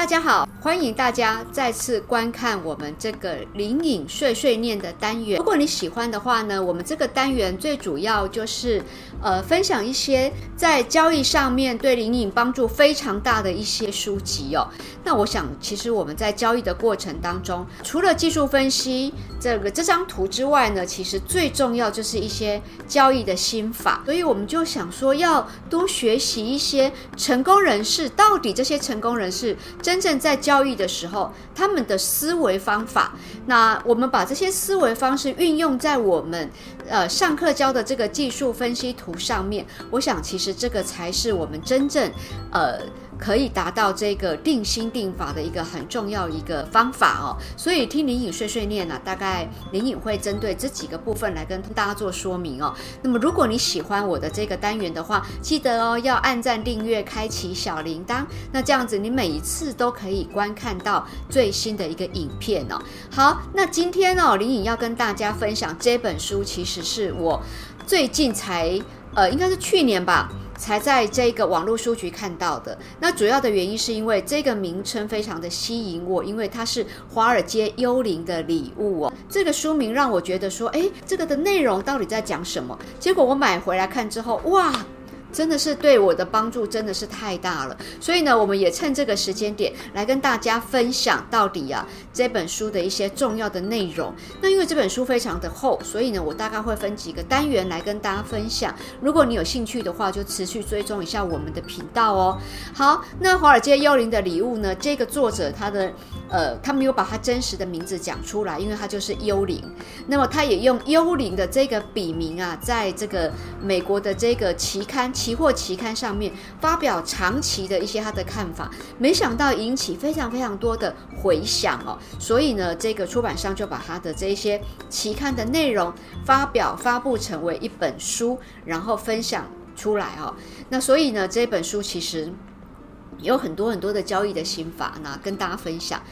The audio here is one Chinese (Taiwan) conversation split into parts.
大家好，歡迎大家再次觀看我們這個林穎睡睡唸的單元。如果你喜歡的話呢，我們這個單元最主要就是呃分享一些在交易上面對林穎幫助非常大的一些書籍哦。那我想，其實我們在交易的過程當中，除了技術分析這個這張圖之外呢，其實最重要就是一些交易的心法。所以我們就想說，要多學習一些成功人士，到底這些成功人士。真正在交易的時候，他們的思維方法。那我們把這些思維方式運用在我們呃上課教的這個技術分析圖上面，我想其實這個才是我們真正呃。可以達到這個定心定法的一個很重要一個方法哦，所以聽林穎睡睡唸了，啊，大概林穎會針對這幾個部分來跟大家做說明哦。那麼如果你喜歡我的這個單元的話，記得哦要按讚、訂閱、開啟小鈴鐺，那這樣子你每一次都可以觀看到最新的一個影片哦。好，那今天哦林穎要跟大家分享這本書，其實是我最近才呃，應該是去年吧。才在這個網絡書局看到的。那主要的原因是因為這個名稱非常的吸引我，因為它是《華爾街幽靈的禮物》哦。這個書名讓我覺得說，哎，這個的內容到底在講什麼？結果我買回來看之後，哇！真的是對我的幫助真的是太大了，所以呢，我們也趁這個時間點來跟大家分享到底啊，這本書的一些重要的內容。那因為這本書非常的厚，所以呢，我大概會分幾個單元來跟大家分享。如果你有興趣的話，就持續追蹤一下我們的頻道哦。好，那《華爾街幽靈的禮物》呢，這個作者他的。呃，他沒有把他真實的名字講出來，因為他就是幽靈。那麼，他也用幽靈的這個筆名啊，在這個美國的這個期刊、期貨期刊上面發表長期的一些他的看法，沒想到引起非常非常多的回響哦。所以呢，這個出版商就把他的這些期刊的內容發表、發布成為一本書，然後分享出來哦、喔，那所以呢，這本書其實。也有很多很多的交易的心法，那跟大家分享。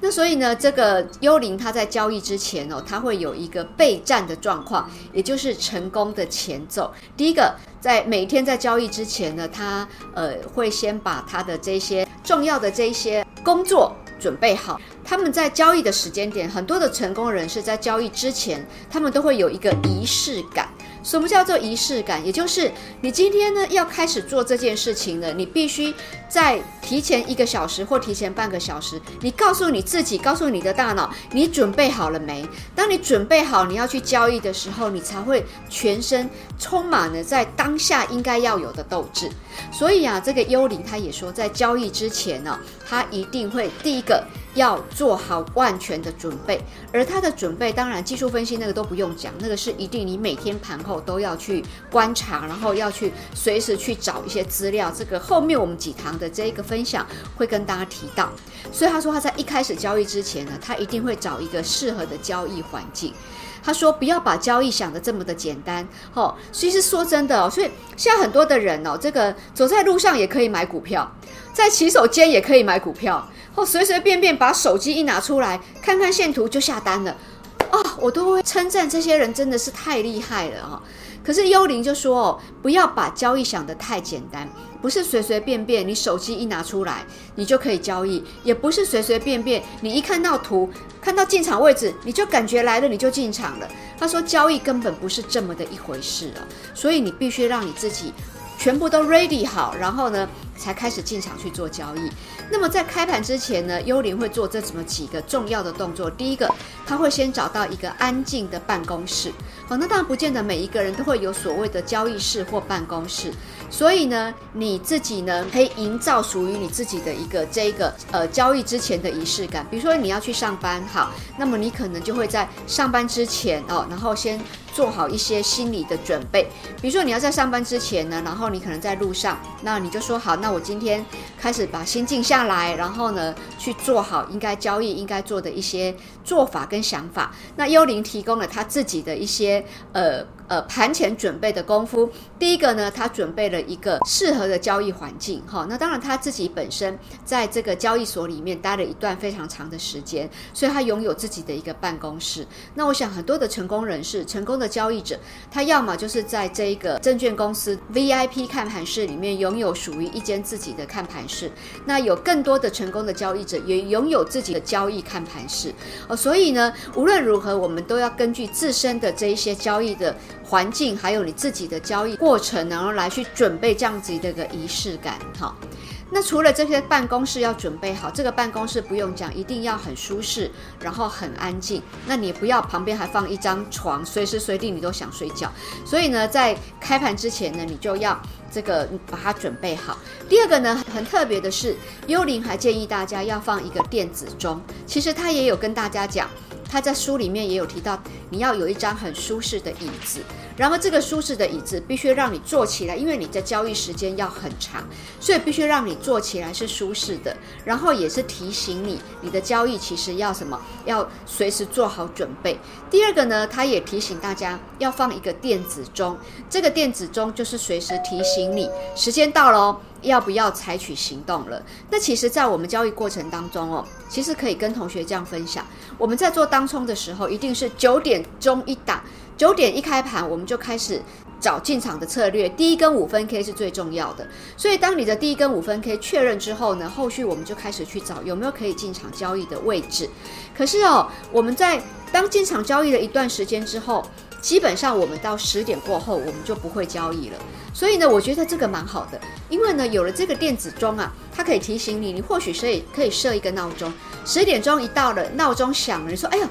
那所以呢，這個幽靈他在交易之前哦，他會有一個備戰的狀況，也就是成功的前奏。第一個，在每天在交易之前呢，他呃會先把他的這些重要的這些工作準備好。他們在交易的時間點，很多的成功人士在交易之前，他們都會有一個儀式感。什麼叫做儀式感？也就是你今天呢要開始做這件事情了，你必須在提前一個小時或提前半個小時，你告訴你自己，告訴你的大腦，你準備好了沒？當你準備好你要去交易的時候，你才會全身充滿了在當下應該要有的鬥志。所以啊，這個幽靈他也說，在交易之前呢，啊，他一定會第一個。要做好萬全的準備，而他的準備當然技術分析那個都不用講，那個是一定你每天盤後都要去觀察，然後要去隨時去找一些資料。這個後面我們幾堂的這個分享會跟大家提到。所以他說他在一開始交易之前呢，他一定會找一個適合的交易環境。他說不要把交易想得這麼的簡單。哦，其實說真的哦，所以現在很多的人哦，這個走在路上也可以買股票，在洗手間也可以買股票。哦，隨隨便便把手機一拿出來，看看線圖就下單了，啊、哦，我都會稱讚這些人真的是太厲害了啊、哦！可是幽靈就說哦，不要把交易想得太簡單，不是隨隨便便你手機一拿出來你就可以交易，也不是隨隨便便你一看到圖，看到進場位置你就感覺來了你就進場了。他說交易根本不是這麼的一回事啊、哦，所以你必須讓你自己全部都 ready 好，然後呢才開始進場去做交易。那麼在開盤之前呢，幽靈會做這麼幾個重要的動作。第一個，他會先找到一個安靜的辦公室。好、哦，那當然不見得每一個人都會有所謂的交易室或辦公室。所以呢，你自己呢可以營造屬於你自己的一個這一個呃交易之前的儀式感。比如說你要去上班，好，那麼你可能就會在上班之前哦，然後先。做好一些心理的準備，比如說你要在上班之前呢，然後你可能在路上，那你就說好，那我今天開始把心靜下來，然後呢，去做好應該交易，應該做的一些。做法跟想法，那幽靈提供了他自己的一些呃呃盤前準備的功夫。第一個呢，他準備了一個適合的交易環境，哈、哦。那當然他自己本身在這個交易所裡面待了一段非常長的時間，所以他擁有自己的一個辦公室。那我想很多的成功人士、成功的交易者，他要麼就是在這個證券公司 VIP 看盤室裡面擁有屬於一間自己的看盤室，那有更多的成功的交易者也擁有自己的交易看盤室，哦所以呢，無論如何，我們都要根據自身的這一些交易的環境，還有你自己的交易過程，然後來去準備這樣子的一個儀式感，好。那除了這些辦公室要準備好，這個辦公室不用講，一定要很舒適，然後很安靜。那你不要旁邊還放一張床，隨時隨地你都想睡覺。所以呢，在開盤之前呢，你就要這個把它準備好。第二個呢，很特別的是，幽靈還建議大家要放一個電子鐘。其實他也有跟大家講，他在書裡面也有提到，你要有一張很舒適的椅子。然後這個舒適的椅子必須讓你坐起來，因為你的交易時間要很長，所以必須讓你坐起來是舒適的。然後也是提醒你，你的交易其實要什麼？要隨時做好準備。第二個呢，他也提醒大家要放一個電子鐘，這個電子鐘就是隨時提醒你時間到了哦，要不要採取行動了？那其實，在我們交易過程當中哦，其實可以跟同學這樣分享，我們在做當沖的時候，一定是九點鐘一檔。九點一開盤，我們就開始找進場的策略。第一根五分 K 是最重要的，所以當你的第一根五分 K 確認之後呢，後續我們就開始去找有沒有可以進場交易的位置。可是哦、喔，我們在當進場交易了一段時間之後，基本上我們到十點過後我們就不會交易了。所以呢，我覺得這個蠻好的，因為呢，有了這個電子鐘啊，它可以提醒你，你或許可以可以設一個鬧鐘，十點鐘一到了，鬧鐘響了，你說，哎呀，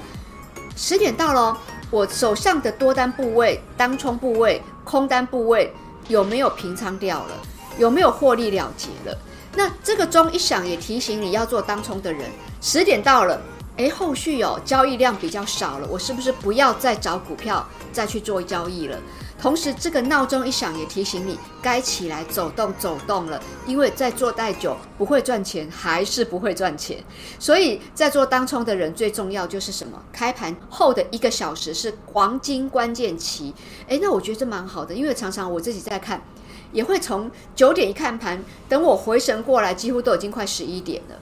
十點到了喔。我手上的多單部位、當沖部位、空單部位有沒有平倉掉了？有沒有獲利了結了？那這個鐘一響也提醒你要做當沖的人，十點到了，誒，後續有、哦、交易量比較少了，我是不是不要再找股票再去做交易了？同時，這個鬧鐘一響也提醒你該起來走動走動了，因為在坐太久不會賺錢，還是不會賺錢。所以在做當沖的人最重要就是什麼？開盤後的一個小時是黃金關鍵期。哎，那我覺得這蠻好的，因為常常我自己在看，也會從九點一看盤，等我回神過來，幾乎都已經快十一點了。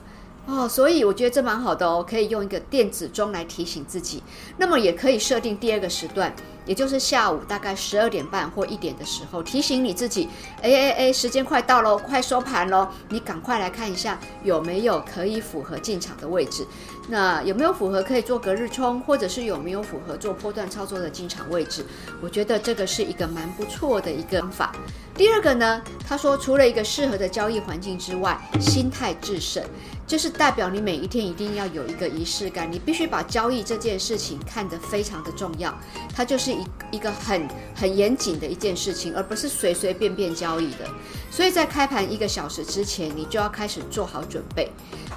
哦，所以我覺得這蠻好的哦，可以用一個電子鐘來提醒自己。那麼也可以設定第二個時段，也就是下午大概十二點半或一點的時候，提醒你自己，誒誒誒，時間快到嘍，快收盤嘍，你趕快來看一下有沒有可以符合進場的位置。那有沒有符合可以做隔日沖，或者是有沒有符合做波段操作的進場位置？我覺得這個是一個蠻不錯的一個方法。第二個呢，他說除了一個適合的交易環境之外，心態致勝。就是代表你每一天一定要有一個儀式感，你必須把交易這件事情看得非常的重要，它就是一一個很很嚴謹的一件事情，而不是隨隨便便交易的。所以在開盤一個小時之前，你就要開始做好準備，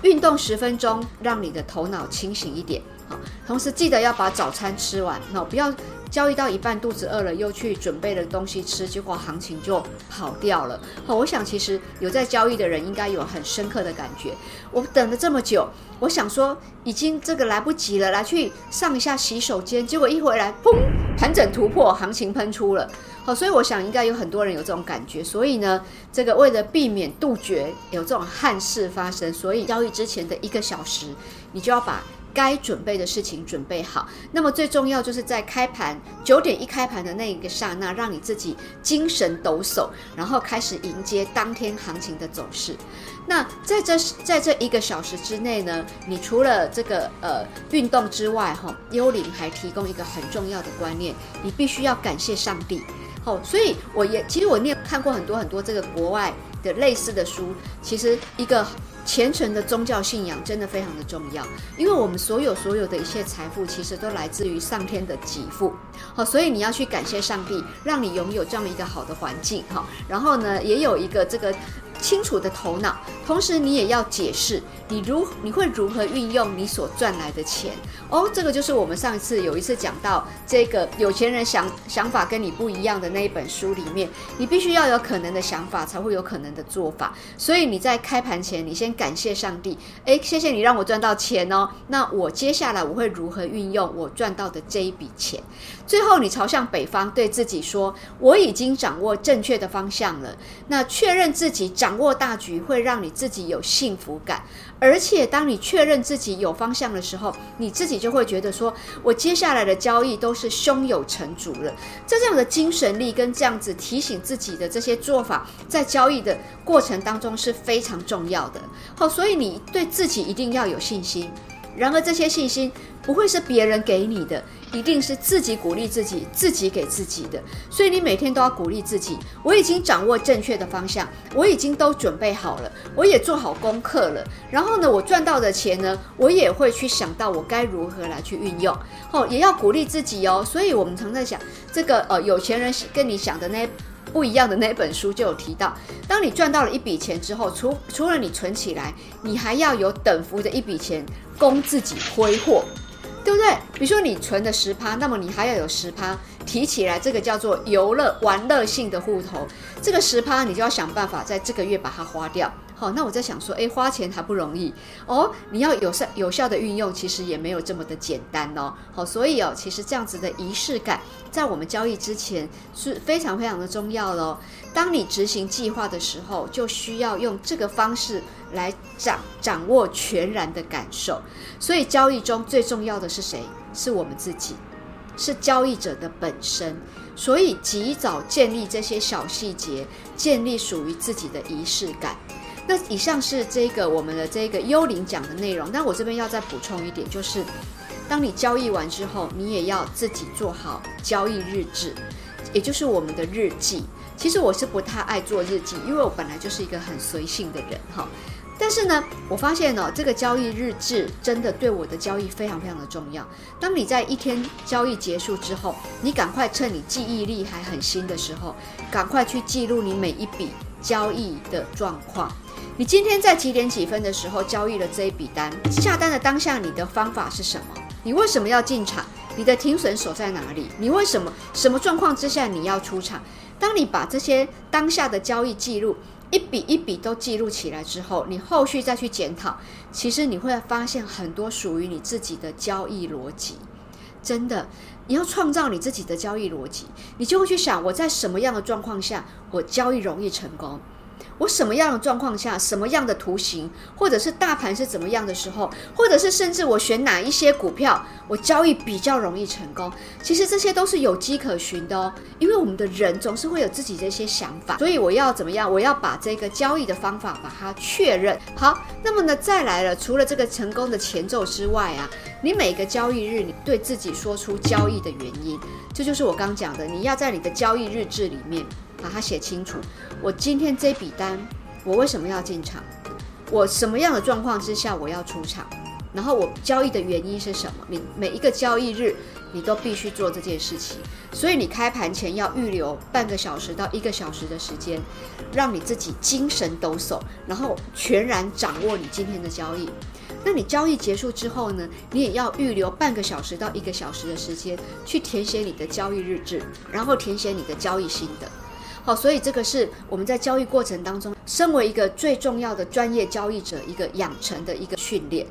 運動十分鐘，讓你的頭腦清醒一點。好，同時記得要把早餐吃完，那不要。交易到一半，肚子餓了，又去準備了東西吃，結果行情就跑掉了。好，我想其實有在交易的人應該有很深刻的感覺。我等了這麼久，我想說已經這個來不及了，來去上一下洗手間，結果一回來，砰，盤整突破，行情噴出了。好，所以我想應該有很多人有這種感覺。所以呢，這個為了避免杜絕有這種憾事發生，所以交易之前的一個小時，你就要把。該準備的事情準備好，那麼最重要就是在開盤九點一開盤的那一個剎那，讓你自己精神抖擻，然後開始迎接當天行情的走勢。那在這在這一個小時之內呢，你除了這個呃運動之外，哈、哦，幽靈還提供一個很重要的觀念，你必須要感謝上帝。好、哦，所以我也其實我念看過很多很多這個國外的類似的書，其實一個。虔誠的宗教信仰真的非常的重要，因為我們所有所有的一些財富其實都來自於上天的給付，好、哦，所以你要去感謝上帝，讓你擁有這麼一個好的環境，哈、哦，然後呢，也有一個這個。清楚的頭腦，同時你也要解釋你如你會如何運用你所賺來的錢哦。這個就是我們上一次有一次講到這個有錢人想想法跟你不一樣的那一本書裡面，你必須要有可能的想法才會有可能的做法。所以你在開盤前，你先感謝上帝，誒、欸，謝謝你讓我賺到錢哦。那我接下來我會如何運用我賺到的這一筆錢？最後你朝向北方對自己說，我已經掌握正確的方向了。那確認自己掌。掌握大局會讓你自己有幸福感，而且當你確認自己有方向的時候，你自己就會覺得說，我接下來的交易都是胸有成竹了。在這樣的精神力跟這樣子提醒自己的這些做法，在交易的過程當中是非常重要的。好，所以你對自己一定要有信心。然而，這些信心不會是別人給你的，一定是自己鼓勵自己、自己給自己的。所以，你每天都要鼓勵自己。我已經掌握正確的方向，我已經都準備好了，我也做好功課了。然後呢，我賺到的錢呢，我也會去想到我該如何來去運用。哦，也要鼓勵自己哦。所以我們常在想，這個呃，有錢人跟你想的那不一樣的那本書就有提到，當你賺到了一筆錢之後，除除了你存起來，你還要有等幅的一筆錢供自己揮霍，對不對？比如說你存的十趴，那麼你還要有十趴提起來，這個叫做遊樂玩樂性的戶頭，這個十趴你就要想辦法在這個月把它花掉。好，那我在想說，誒，花錢還不容易哦，你要有效、有效的運用，其實也沒有這麼的簡單哦。好、哦，所以哦，其實這樣子的儀式感，在我們交易之前是非常非常的重要咯。當你執行計劃的時候，就需要用這個方式來掌掌握全然的感受。所以交易中最重要的是誰？是我們自己，是交易者的本身。所以及早建立這些小細節，建立屬於自己的儀式感。那以上是這個我們的這個幽靈講的內容，但我這邊要再補充一點，就是當你交易完之後，你也要自己做好交易日誌，也就是我們的日記。其實我是不太愛做日記，因為我本來就是一個很隨性的人哈。但是呢，我發現哦，這個交易日誌真的對我的交易非常非常的重要。當你在一天交易結束之後，你趕快趁你記憶力還很新的時候，趕快去記錄你每一筆交易的狀況。你今天在幾點幾分的時候交易了這一筆單？下單的當下，你的方法是什麼？你為什麼要進場？你的停損守在哪裡？你為什麼什麼狀況之下你要出場？當你把這些當下的交易記錄一筆一筆都記錄起來之後，你後續再去檢討，其實你會發現很多屬於你自己的交易邏輯。真的，你要創造你自己的交易邏輯，你就會去想，我在什麼樣的狀況下，我交易容易成功。我什麼樣的狀況下，什麼樣的圖形，或者是大盤是怎麼樣的時候，或者是甚至我選哪一些股票，我交易比較容易成功，其實這些都是有跡可循的哦。因為我們的人總是會有自己的一些想法，所以我要怎麼樣，我要把這個交易的方法把它確認好。那麼呢，再來了，除了這個成功的前奏之外啊，你每個交易日你對自己說出交易的原因，這就，就是我剛講的，你要在你的交易日誌裡面。把它寫清楚。我今天這筆單，我為什麼要進場？我什麼樣的狀況之下我要出場？然後我交易的原因是什麼？你每一個交易日，你都必須做這件事情。所以你開盤前要預留半個小時到一個小時的時間，讓你自己精神抖擻，然後全然掌握你今天的交易。那你交易結束之後呢？你也要預留半個小時到一個小時的時間，去填寫你的交易日誌，然後填寫你的交易心得。好、哦，所以這個是我們在交易過程當中，身為一個最重要的專業交易者，一個養成的一個訓練。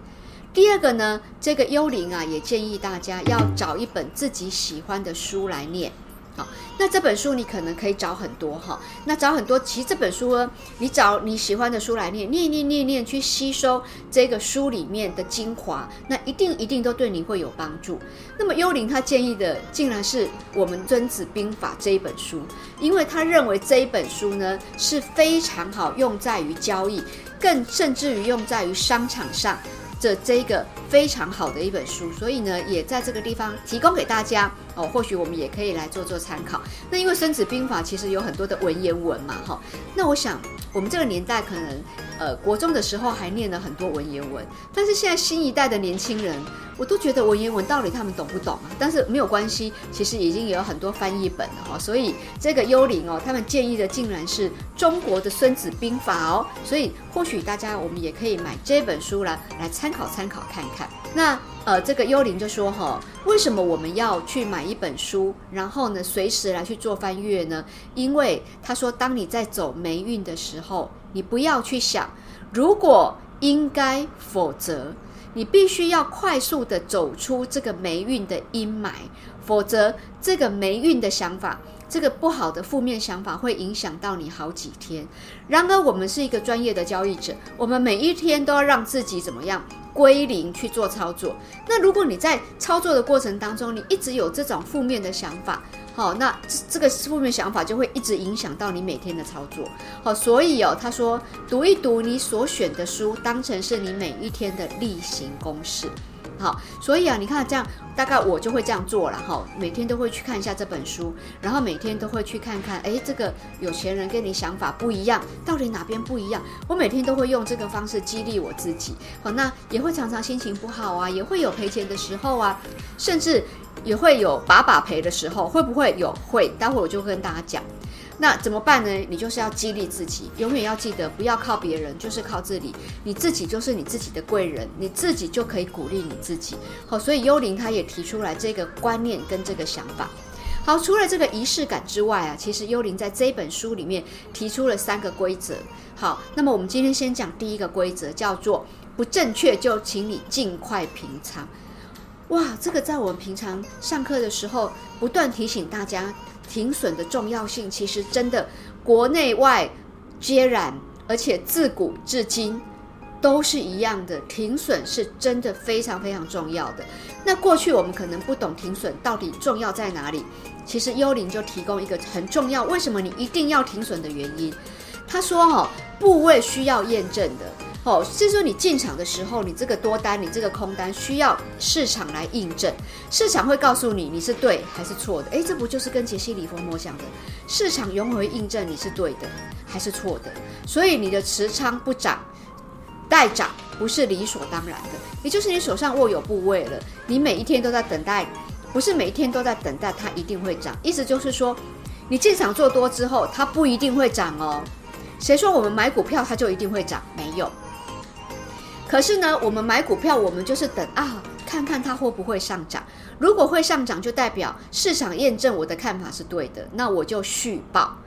第二個呢，這個幽靈啊，也建議大家要找一本自己喜歡的書來念。好，那這本書你可能可以找很多哈，那找很多，其實這本書呢，你找你喜歡的書來念，念念念念去吸收這個書裡面的精華，那一定一定都對你會有幫助。那麼幽靈他建議的竟然是我們《孫子兵法》這一本書，因為他認為這一本書呢是非常好用在於交易，更甚至於用在於商場上的這一個非常好的一本書，所以呢，也在這個地方提供給大家。哦，或許我們也可以來做做參考。那因為《孫子兵法》其實有很多的文言文嘛，哈、哦。那我想，我們這個年代可能，呃，國中的時候還念了很多文言文，但是現在新一代的年輕人，我都覺得文言文到底他們懂不懂啊？但是沒有關係，其實已經也有很多翻譯本了哈、哦。所以這個幽靈哦，他們建議的竟然是中國的《孫子兵法》哦。所以或許大家我們也可以買這本書來來參考參考看看。那。呃，這個幽靈就說：“哈，為什麼我們要去買一本書，然後呢，隨時來去做翻閱呢？因為他說，當你在走霉運的時候，你不要去想如果應該，否則你必須要快速地走出這個霉運的陰霾，否則這個霉運的想法。”這個不好的負面想法會影響到你好幾天。然而，我們是一個專業的交易者，我們每一天都要讓自己怎麼樣歸零去做操作。那如果你在操作的過程當中，你一直有這種負面的想法，好，那這個負面想法就會一直影響到你每天的操作。好，所以哦，他說，讀一讀你所選的書，當成是你每一天的例行公事。好，所以啊，你看這樣，大概我就會這樣做了哈。每天都會去看一下這本書，然後每天都會去看看，哎，這個有錢人跟你想法不一樣，到底哪邊不一樣？我每天都會用這個方式激勵我自己。好，那也會常常心情不好啊，也會有賠錢的時候啊，甚至也會有把把賠的時候，會不會有？會，待會我就跟大家講。那怎麼辦呢？你就是要激勵自己，永遠要記得不要靠別人，就是靠自己。你自己就是你自己的貴人，你自己就可以鼓勵你自己。好，所以幽靈他也提出來這個觀念跟這個想法。好，除了這個儀式感之外啊，其實幽靈在這本書裡面提出了三個規則。好，那麼我們今天先講第一個規則，叫做不正確就請你盡快平倉。哇，這個在我們平常上課的時候不斷提醒大家。停損的重要性其實真的國內外皆然，而且自古至今都是一樣的。停損是真的非常非常重要的。那過去我們可能不懂停損到底重要在哪裡，其實幽靈就提供一個很重要，為什麼你一定要停損的原因。他說：“哦，部位需要驗證的。”哦，就是說你進場的時候，你這個多單，你這個空單需要市場來印證，市場會告訴你你是對還是錯的。哎，這不就是跟傑西·利弗摩講的，市場永遠會印證你是對的還是錯的。所以你的持倉不漲，待漲不是理所當然的。也就是你手上握有部位了，你每一天都在等待，不是每一天都在等待它一定會漲。意思就是說，你進場做多之後，它不一定會漲哦。誰說我們買股票它就一定會漲？沒有。可是呢，我們買股票，我們就是等啊，看看它會不會上漲。如果會上漲，就代表市場驗證我的看法是對的，那我就續抱。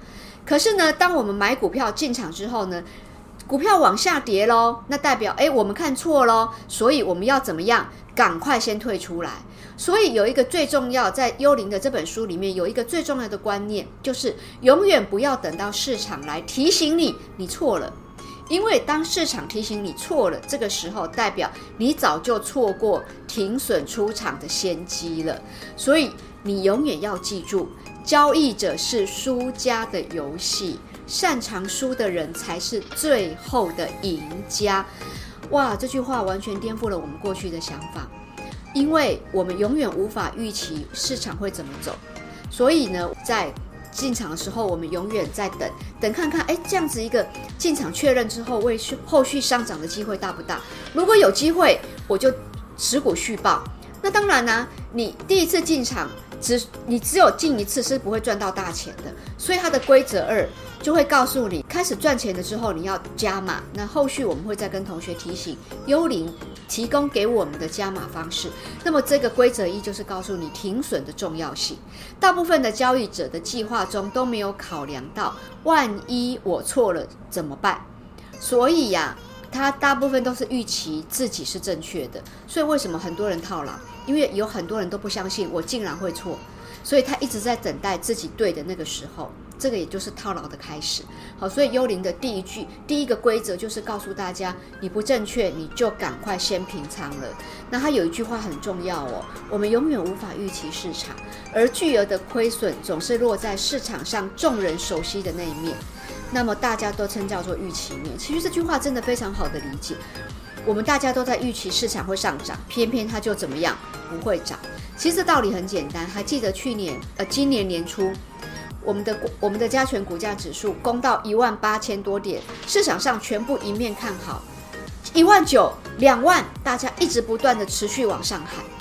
可是呢，當我們買股票進場之後呢，股票往下跌嘍，那代表誒、欸，我們看錯嘍，所以我們要怎麼樣？趕快先退出來。所以有一個最重要，在《幽靈》的這本書裡面有一個最重要的觀念，就是永遠不要等到市場來提醒你，你錯了。因為當市場提醒你錯了，這個時候代表你早就錯過停損出場的先機了。所以你永遠要記住，交易者是輸家的遊戲，擅長輸的人才是最後的贏家。哇，這句話完全顛覆了我們過去的想法，因為我們永遠無法預期市場會怎麼走。所以呢，在進場的時候，我們永遠在等，等看看，哎，這樣子一個進場確認之後，為後續上漲的機會大不大？如果有機會，我就持股續抱。那當然呢，啊，你第一次進場只，你只有進一次是不會賺到大錢的。所以它的規則二就會告訴你。開始賺錢的時候，你要加碼。那後續我們會再跟同學提醒，幽靈提供給我們的加碼方式。那麼這個規則一就是告訴你停損的重要性。大部分的交易者的計劃中都沒有考量到，萬一我錯了怎麼辦？所以呀、啊，他大部分都是預期自己是正確的。所以為什麼很多人套牢？因為有很多人都不相信我竟然會錯，所以他一直在等待自己對的那個時候。這個也就是套牢的開始，好，所以幽靈的第一句、第一個規則就是告訴大家：你不正確，你就趕快先平倉了。那他有一句話很重要哦，我們永遠無法預期市場，而巨額的虧損總是落在市場上眾人熟悉的那一面。那麼大家都稱叫做預期面，其實這句話真的非常好的理解。我們大家都在預期市場會上漲，偏偏它就怎麼樣不會漲。其實道理很簡單，還記得去年呃，今年年初。我們的我們的加權股價指數攻到一萬八千多點，市場上全部一面看好，一萬九、兩萬，大家一直不斷的持續往上喊。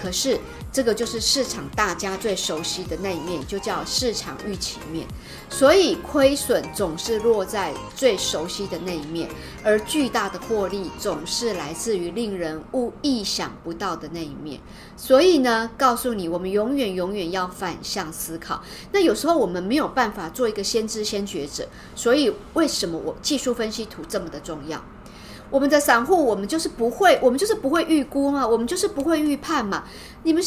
可是，這個就是市場大家最熟悉的那一面，就叫市場預期面。所以，虧損總是落在最熟悉的那一面，而巨大的獲利總是來自於令人物意想不到的那一面。所以呢，告訴你，我們永遠永遠要反向思考。那有時候我們沒有辦法做一個先知先覺者，所以為什麼我技術分析圖這麼的重要？我們的散戶，我們就是不會，我們就是不會預估嘛，我們就是不會預判嘛。你們，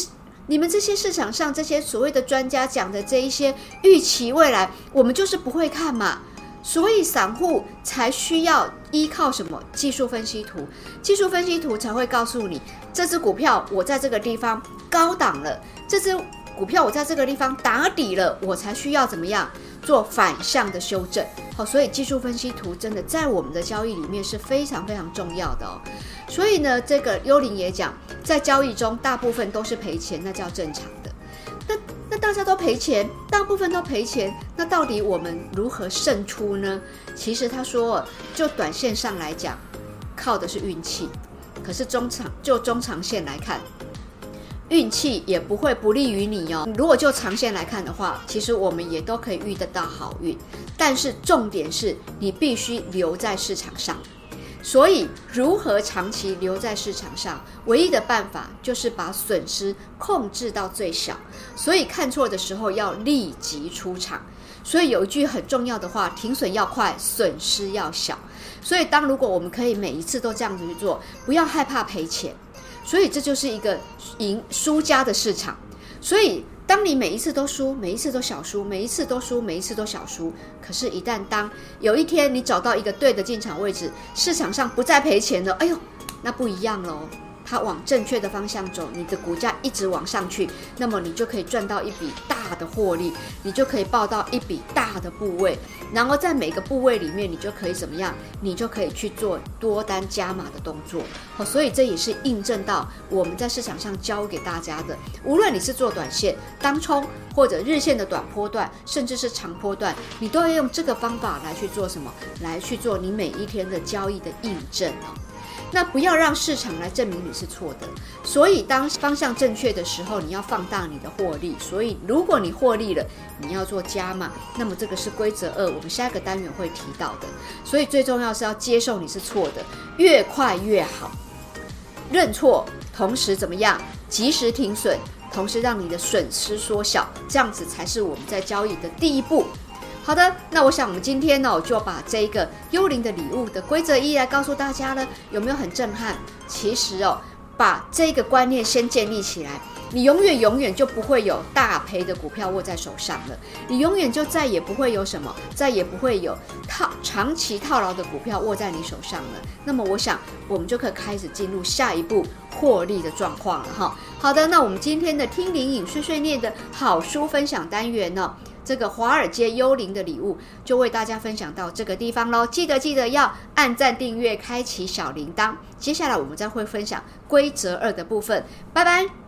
你們這些市場上這些所謂的專家講的這一些預期未來，我們就是不會看嘛。所以散戶才需要依靠什麼技術分析圖？技術分析圖才會告訴你，這只股票我在這個地方高檔了，這只股票我在這個地方打底了，我才需要怎麼樣？做反向的修正，好，所以技術分析圖真的在我們的交易裡面是非常非常重要的哦。所以呢，這個幽靈也講，在交易中大部分都是賠錢，那叫正常的。那那大家都賠錢，大部分都賠錢，那到底我們如何勝出呢？其實他說，就短線上來講，靠的是運氣。可是中長就中長線來看。運氣也不會不利於你哦。如果就長線來看的話，其實我們也都可以遇得到好運。但是重點是你必須留在市場上。所以如何長期留在市場上，唯一的辦法就是把損失控制到最小。所以看錯的時候要立即出場。所以有一句很重要的話：停損要快，損失要小。所以當如果我們可以每一次都這樣子去做，不要害怕賠錢。所以這就是一個贏輸家的市場。所以當你每一次都輸，每一次都小輸，每一次都輸，每一次都小輸，可是，一旦當有一天你找到一個對的進場位置，市場上不再賠錢了，哎呦，那不一樣嘍。它往正確的方向走，你的股價一直往上去，那麼你就可以賺到一筆大的獲利，你就可以抱到一筆大的部位，然後在每個部位裡面，你就可以怎麼樣？你就可以去做多單加碼的動作。好、哦，所以這也是印證到我們在市場上教給大家的，無論你是做短線、當沖或者日線的短波段，甚至是長波段，你都要用這個方法來去做什麼？來去做你每一天的交易的印證、哦那不要讓市場來證明你是錯的，所以當方向正確的時候，你要放大你的獲利。所以如果你獲利了，你要做加碼，那麼這個是規則二，我們下一個單元會提到的。所以最重要是要接受你是錯的，越快越好，認錯，同時怎麼樣？及時停損，同時讓你的損失縮小，這樣子才是我們在交易的第一步。好的，那我想我們今天呢、哦，就把這一個幽靈的禮物的規則一來告訴大家呢，有沒有很震撼？其實哦，把這個觀念先建立起來，你永遠永遠就不會有大賠的股票握在手上了，你永遠就再也不會有什麼，再也不會有套長期套牢的股票握在你手上了。那麼我想，我們就可以開始進入下一步獲利的狀況了哈。好的，那我們今天的聽林穎碎碎念的好書分享單元呢、哦？這個華爾街幽靈的禮物就為大家分享到這個地方嘍，記得記得要按贊、訂閱、開啟小鈴鐺。接下來我們再會分享規則二的部分，拜拜。